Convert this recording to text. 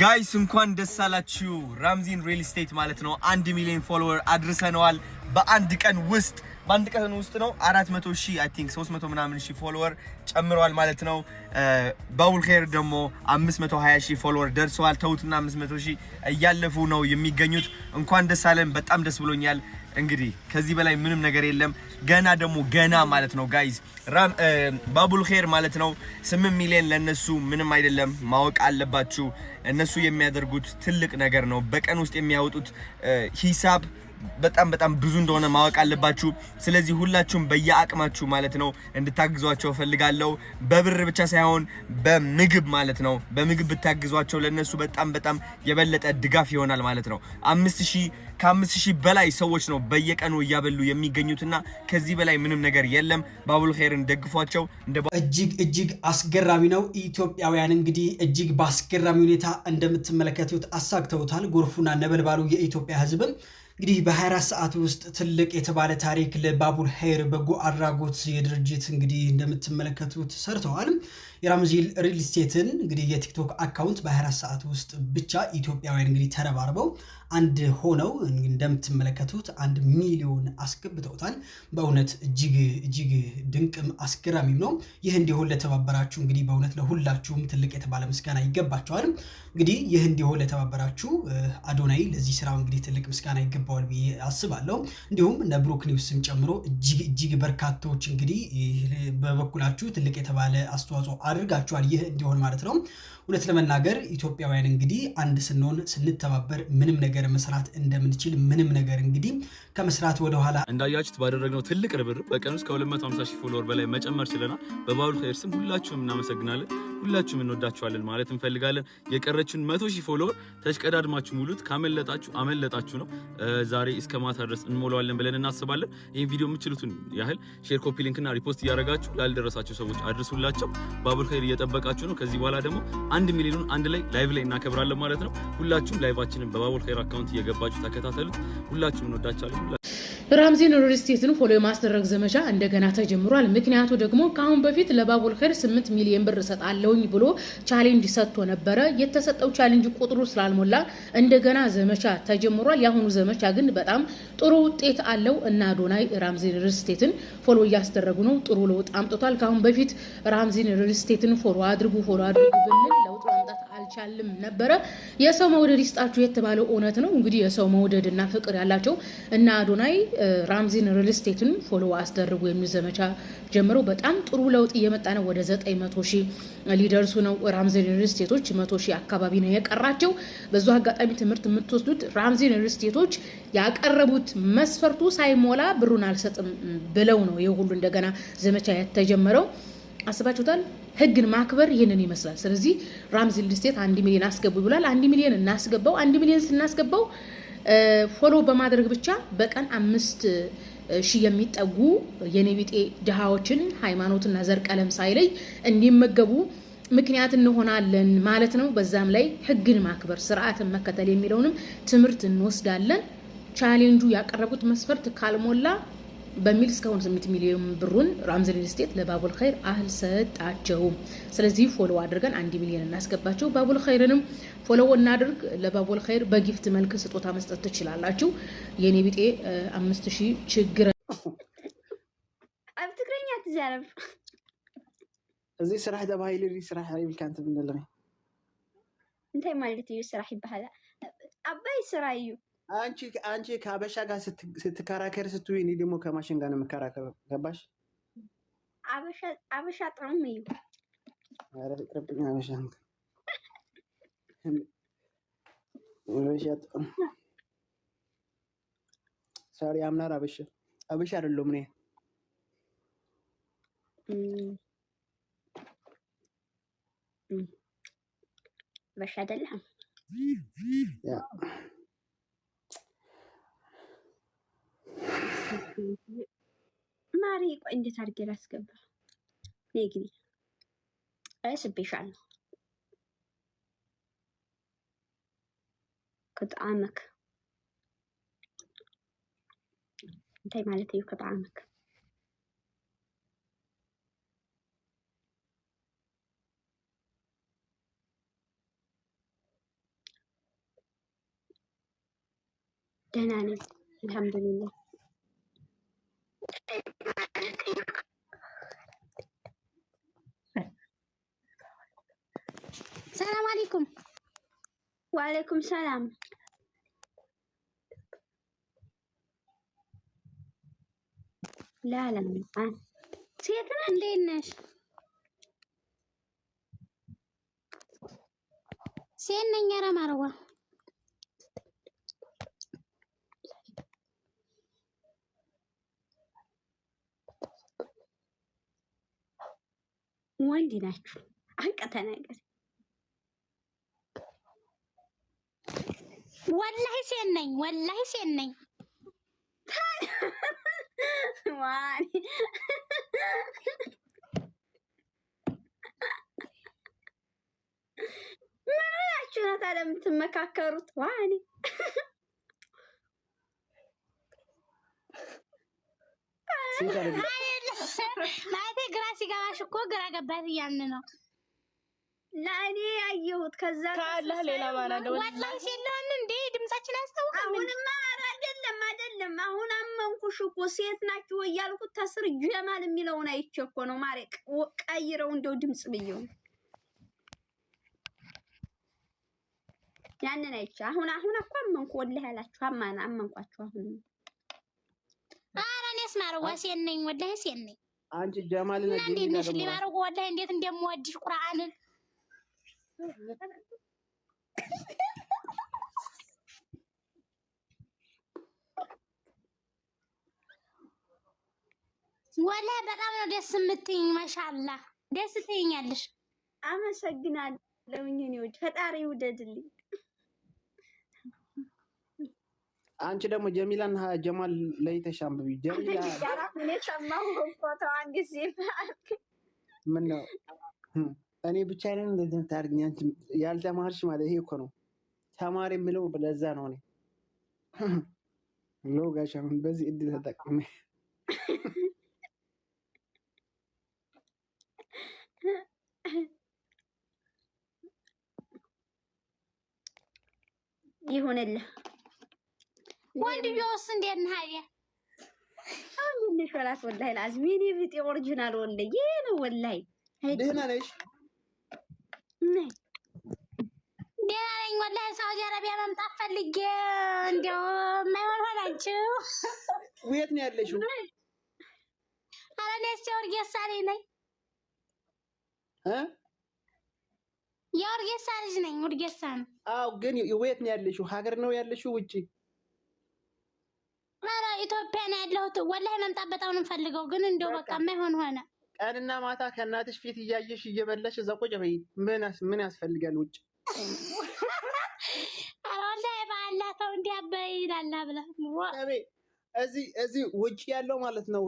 ጋይስ እንኳን ደስ አላችሁ። ራምዚን ሪል ስቴት ማለት ነው አንድ ሚሊዮን ፎሎወር አድርሰነዋል በአንድ ቀን ውስጥ በአንድ ቀን ውስጥ ነው 400 ሺህ አይ ቲንክ 300 ምናምን ሺህ ፎሎወር ጨምረዋል ማለት ነው። ደግሞ ኸይር ደግሞ 520 ሺህ ፎሎወር ደርሰዋል። ተውትና 500 ሺህ እያለፉ ነው የሚገኙት። እንኳን ደስ አለን። በጣም ደስ ብሎኛል። እንግዲህ ከዚህ በላይ ምንም ነገር የለም። ገና ደግሞ ገና ማለት ነው ጋይዝ ባቡል ኸይር ማለት ነው ስምንት ሚሊዮን ለእነሱ ምንም አይደለም። ማወቅ አለባችሁ እነሱ የሚያደርጉት ትልቅ ነገር ነው። በቀን ውስጥ የሚያወጡት ሂሳብ በጣም በጣም ብዙ እንደሆነ ማወቅ አለባችሁ። ስለዚህ ሁላችሁም በየአቅማችሁ ማለት ነው እንድታግዟቸው እፈልጋለሁ። በብር ብቻ ሳይሆን በምግብ ማለት ነው። በምግብ ብታግዟቸው ለእነሱ በጣም በጣም የበለጠ ድጋፍ ይሆናል ማለት ነው አምስት ሺህ ከአምስት ሺህ በላይ ሰዎች ነው በየቀኑ እያበሉ የሚገኙትና ከዚህ በላይ ምንም ነገር የለም። ባቡል ኸይርን ደግፏቸው። እጅግ እጅግ አስገራሚ ነው። ኢትዮጵያውያን እንግዲህ እጅግ በአስገራሚ ሁኔታ እንደምትመለከቱት አሳግተውታል። ጎርፉና ነበልባሉ የኢትዮጵያ ህዝብም እንግዲህ በ24 ሰዓት ውስጥ ትልቅ የተባለ ታሪክ ለባቡል ሀይር በጎ አድራጎት የድርጅት እንግዲህ እንደምትመለከቱት ሰርተዋል። የራምዚል ሪል ስቴትን እንግዲህ የቲክቶክ አካውንት በ24 ሰዓት ውስጥ ብቻ ኢትዮጵያውያን እንግዲህ ተረባርበው አንድ ሆነው እንደምትመለከቱት አንድ ሚሊዮን አስገብተውታል። በእውነት እጅግ እጅግ ድንቅም አስገራሚም ነው። ይህ እንዲሆን ለተባበራችሁ እንግዲህ በእውነት ለሁላችሁም ትልቅ የተባለ ምስጋና ይገባቸዋል። እንግዲህ ይህ እንዲሆን ለተባበራችሁ አዶናይ ለዚህ ስራው እንግዲህ ትልቅ ምስጋና ይገባል ይገባዋል ብዬ አስባለሁ። እንዲሁም እነ ብሩክ ኒውስም ጨምሮ እጅግ በርካቶች በርካታዎች እንግዲህ በበኩላችሁ ትልቅ የተባለ አስተዋጽኦ አድርጋችኋል ይህ እንዲሆን ማለት ነው። እውነት ለመናገር ኢትዮጵያውያን እንግዲህ አንድ ስንሆን ስንተባበር ምንም ነገር መስራት እንደምንችል ምንም ነገር እንግዲህ ከመስራት ወደኋላ እንዳያችሁት ባደረግነው ትልቅ ርብርብ በቀን ውስጥ ከ250 ሺህ ፎሎወር በላይ መጨመር ችለናል። በባሉ ኸይር ስም ሁላችሁም እናመሰግናለን። ሁላችሁም እንወዳችኋለን ማለት እንፈልጋለን። የቀረችን መቶ ሺህ ፎሎወር ተሽቀዳድማችሁ ሙሉት። ካመለጣችሁ አመለጣችሁ ነው። ዛሬ እስከ ማታ ድረስ እንሞላዋለን ብለን እናስባለን። ይህን ቪዲዮ የምችሉትን ያህል ሼር፣ ኮፒ ሊንክና ሪፖስት እያደረጋችሁ ላልደረሳቸው ሰዎች አድርሱላቸው። ባቡል ኸይር እየጠበቃችሁ ነው። ከዚህ በኋላ ደግሞ አንድ ሚሊዮን አንድ ላይ ላይቭ ላይ እናከብራለን ማለት ነው። ሁላችሁም ላይቫችንን በባቡል ኸይር አካውንት እየገባችሁ ተከታተሉት። ሁላችሁም እንወዳችኋለን። ራምዚን ሪል ስቴትን ፎሎ የማስደረግ ዘመቻ እንደገና ተጀምሯል። ምክንያቱ ደግሞ ከአሁን በፊት ለባቡል ኸይር 8 ሚሊዮን ብር እሰጣለሁኝ ብሎ ቻሌንጅ ሰጥቶ ነበረ። የተሰጠው ቻሌንጅ ቁጥሩ ስላልሞላ እንደገና ዘመቻ ተጀምሯል። የአሁኑ ዘመቻ ግን በጣም ጥሩ ውጤት አለው እና ዶናይ ራምዚን ሪል ስቴትን ፎሎ እያስደረጉ ነው። ጥሩ ለውጥ አምጥቷል። ከአሁን በፊት ራምዚን ሪል ስቴትን ፎሎ አድርጉ ፎሎ አድርጉ ብንል ለውጥ ማምጣት አልቻልም ነበረ። የሰው መውደድ ይስጣችሁ የተባለው እውነት ነው። እንግዲህ የሰው መውደድ እና ፍቅር ያላቸው እና አዶናይ ራምዚን ሪል ስቴትን ፎሎ አስደርጉ የሚል ዘመቻ ጀምሮ በጣም ጥሩ ለውጥ እየመጣ ነው። ወደ ዘጠኝ መቶ ሺህ ሊደርሱ ነው። ራምዚን ሪል ስቴቶች 100 ሺህ አካባቢ ነው የቀራቸው። በዙ አጋጣሚ ትምህርት የምትወስዱት ራምዚን ሪል ስቴቶች ያቀረቡት መስፈርቱ ሳይሞላ ብሩን አልሰጥም ብለው ነው ይህ ሁሉ እንደገና ዘመቻ የተጀመረው። አስባችሁታል? ህግን ማክበር ይህንን ይመስላል። ስለዚህ ራምዚ ሪል ስቴት አንድ ሚሊዮን አስገቡ ብሏል። አንድ ሚሊዮን እናስገባው። አንድ ሚሊዮን ስናስገባው ፎሎ በማድረግ ብቻ በቀን አምስት ሺህ የሚጠጉ የኔቢጤ ድሃዎችን ሃይማኖትና ዘር ቀለም ሳይለይ እንዲመገቡ ምክንያት እንሆናለን ማለት ነው። በዛም ላይ ህግን ማክበር ስርዓትን መከተል የሚለውንም ትምህርት እንወስዳለን። ቻሌንጁ ያቀረቡት መስፈርት ካልሞላ በሚል እስካሁን 8 ሚሊዮን ብሩን ራምዝሊን ስቴት ለባቡል ኸይር አልሰጣቸውም። ስለዚህ ፎሎ አድርገን አንድ ሚሊዮን እናስገባቸው። ባቡል ኸይርንም ፎሎ እናድርግ። ለባቡል ኸይር በጊፍት መልክ ስጦታ መስጠት ትችላላችሁ። የኔ ቢጤ አምስት ሺህ ችግር ትግረኛ ትዛረብ እዚ ስራሕ ተባሂሉ ስራሕ ይብልካ እንትብለለ እንታይ ማለት እዩ ስራሕ ይበሃል ዓባይ ስራ እዩ አንቺ አንቺ ከአበሻ ጋር ስትከራከር ስትዊ እኔ ደግሞ ከማሽን ጋር ነው የምከራከረው። ገባሽ? አበሻ ጣም እዩ ሳሪ አምናር አበሻ አበሻ አይደለሁም እኔ አበሻ አይደለም ማሪ ቆይ እንዴት አድርጌ ላስገባ? ነይ ግቢ። ስቤሻለሁ ከጣዓመክ እንታይ ማለት እዩ ደህና ነኝ፣ አልሐምዱሊላህ السلام عليكم وعليكم السلام لا لا الآن سيدنا لينش سيدنا يا مروه ወንድ ናችሁ። አንቀ ተናገር። ወላሂ ሴት ነኝ፣ ወላሂ ሴት ነኝ። ምን ሆናችሁ ነው ታዲያ የምትመካከሩት? ዋኔ ሴት ማለቴ ግራ ሲገባሽ እኮ ግራ ገባት እያልን ነው። ለእኔ ያየሁት ከዛ ከአላህ ሌላ ባል አለ። ወጣን ሴላን እንዴ ድምጻችን አያስታውቅም። አሁንማ አይደለም አይደለም፣ አሁን አመንኩሽ እኮ ሴት ናችሁ እያልኩት ተስር ጀማል የሚለውን አይቼ እኮ ነው ማሬ ቀይረው እንደው ድምጽ ብየው ያንን አይቼ አሁን አሁን እኮ አመንኩ ወላሂ አላችሁ አመንኳችሁ አሁን አስማረው ሴት ነኝ፣ ወላሂ ሴት ነኝ። አንቺ ጀማል ነሽ ነሽ ወላሂ እንዴት እንደምወድሽ ቁርአንን ወላሂ በጣም ነው ደስ የምትይኝ። ደስ ትይኛለሽ። አመሰግናለሁ። እኔ ፈጣሪ አንቺ ደግሞ ጀሚላን ጀማል ለይተሽ አንብቢ። ምን ነው እኔ ብቻ ነን እንደዚህ አንቺ ያልተማርሽ ማለት ይሄ እኮ ነው ተማሪ የምለው ለዛ ነው። እኔ ሎጋሽ አሁን በዚህ እድል ተጠቅሜ ይሁንልህ ወንድዬውስ እንዴት ነህ? ሀያ ወላት ወላሂ ላዝም የእኔ ብጤ ኦሪጂናል ወንድ ይሄ ነው ወላይ ደህና ነሽ? ደህና ነኝ ወላይ። ሳውዲ አረቢያ መምጣት ፈልጌ እንደው የማይሆን ሆናችሁ። የት ነው ያለሽው? ኧረ ልጅ ነኝ ልጅ ነኝ። ነው። አዎ፣ ግን የት ነው ያለሽው? ሀገር ነው ያለሽው ውጭ። ኧረ ኢትዮጵያ ነው ያለሁት። ወላሂ መምጣት በጣም ነው የምፈልገው፣ ግን እንደው በቃ የማይሆን ሆነ። ቀንና ማታ ከእናትሽ ፊት እያየሽ እየበላሽ እዛ ቁጭ በይ። ምን ያስፈልጋል ውጭ? ኧረ ወላሂ በአላህ ተው እንዲያበይ ይላል ብለህ እዚህ እዚህ ውጭ ያለው ማለት ነው